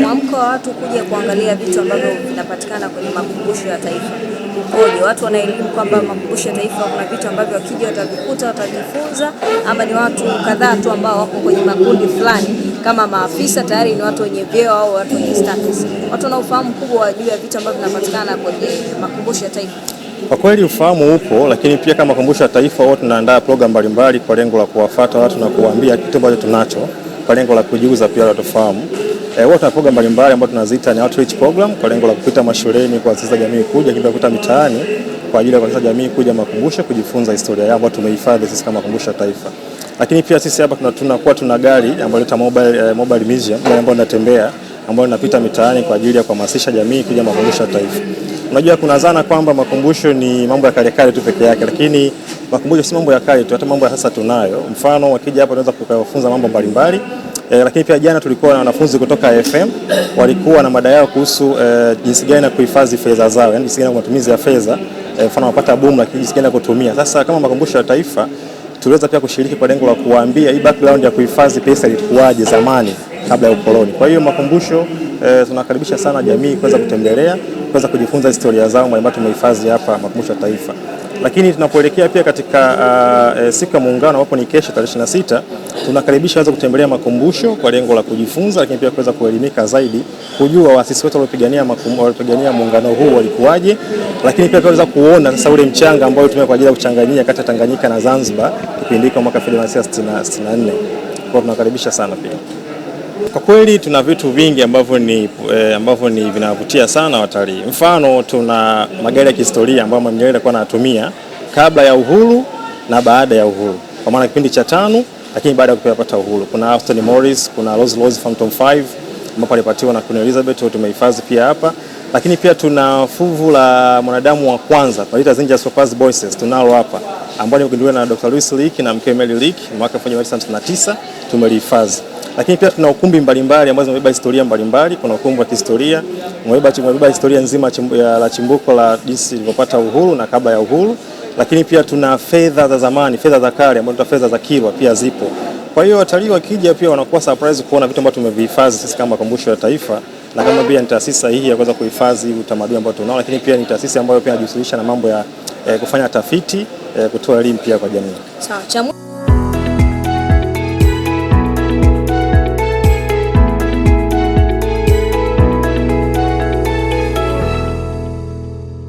mwamko wa watu kuja kuangalia vitu ambavyo vinapatikana kwenye makumbusho ya taifa ukoje. Watu wana elimu kwamba makumbusho ya taifa kuna vitu ambavyo wakija watavikuta, watajifunza, ama ni watu kadhaa tu ambao wako kwenye makundi fulani kama maafisa tayari ni watu wenye vyeo au watu wenye status. Watu wana ufahamu kubwa juu ya vitu ambavyo vinapatikana kwenye makumbusho ya taifa. Kwa kweli ufahamu upo, lakini pia kama makumbusho ya taifa huwa tunaandaa programu mbalimbali kwa lengo la kuwafata watu na kuwaambia kitu ambacho tunacho kwa lengo la kujiuza pia watufahamu. Eh, huwa tuna program mbalimbali ambazo tunaziita ni outreach program kwa lengo la kupita mashuleni kuwasaidia jamii kuja, lakini kupita mitaani kwa ajili ya kuwasaidia jamii kuja makumbusho, kujifunza historia yao ambayo tumehifadhi sisi kama makumbusho ya taifa. Lakini pia sisi hapa tunakuwa tuna gari ambayo inaitwa mobile, eh, mobile museum ambayo inatembea ambayo inapita mitaani kwa ajili ya kuhamasisha jamii kuja makumbusho ya taifa. Unajua kuna zana kwamba makumbusho ni mambo ya kale kale tu peke yake, lakini makumbusho si mambo ya kale tu, hata mambo ya sasa tunayo. Mfano wakija hapa tunaweza kuwafunza mambo mbalimbali E, lakini pia jana tulikuwa na wanafunzi kutoka FM walikuwa na mada yao kuhusu e, jinsi gani ya kuhifadhi fedha zao, yani jinsi gani matumizi ya fedha, eh, mfano wanapata boom, lakini jinsi gani ya kutumia. Sasa kama makumbusho ya taifa tuliweza pia kushiriki kwa lengo la kuwaambia hii background ya kuhifadhi pesa ilikuwaje zamani kabla ya ukoloni. Kwa hiyo makumbusho e, tunakaribisha sana jamii kuweza kutembelea kuweza kujifunza historia zao mbalimbali tumehifadhi hapa makumbusho ya taifa. Lakini tunapoelekea pia katika uh, e, siku ya Muungano ambapo ni kesho tarehe 26, tunakaribisha waweze kutembelea makumbusho kwa lengo la kujifunza, lakini pia kuweza kuelimika zaidi, kujua waasisi wetu waliopigania waliopigania muungano huu walikuwaje, lakini pia kuweza kuona sasa ule mchanga ambao ulitumia kwa ajili ya kuchanganyia kati ya Tanganyika na Zanzibar kipindi kwa mwaka 1964. Kwa tunakaribisha sana pia. Kwa kweli tuna vitu vingi ambavyo ni, eh, ambavyo ni vinavutia sana watalii. Mfano tuna magari ya kihistoria ambayo Mwalimu Nyerere alikuwa anatumia kabla ya uhuru na baada ya uhuru, kwa maana kipindi cha tano, lakini baada ya kupata uhuru. Kuna Aston Morris, kuna Rolls-Royce Phantom 5 ambapo alipatiwa na Queen Elizabeth, tumehifadhi pia hapa lakini pia tuna fuvu la mwanadamu wa kwanza tunaita Zinja Surpass Voices tunalo hapa ambao ni limegunduliwa na Dr. Louis Leakey na mke Mary Leakey mwaka 1959 tumelihifadhi. Lakini pia tuna ukumbi mbalimbali ambao zimebeba historia mbalimbali. Kuna ukumbi wa kihistoria umebeba historia nzima ya, la chimbuko la jinsi ilivyopata uhuru na kabla ya uhuru, lakini pia tuna fedha za zamani, fedha za kale ambazo tuna fedha za Kilwa pia zipo. Kwa hiyo watalii wakija pia wanakuwa surprise kuona vitu ambavyo tumevihifadhi sisi kama kumbusho ya Taifa na kama pia ni taasisi sahihi ya kuweza kuhifadhi utamaduni ambao tunao, lakini pia ni taasisi ambayo pia inajihusisha na mambo ya eh, kufanya tafiti eh, kutoa elimu pia kwa jamii. Sawa.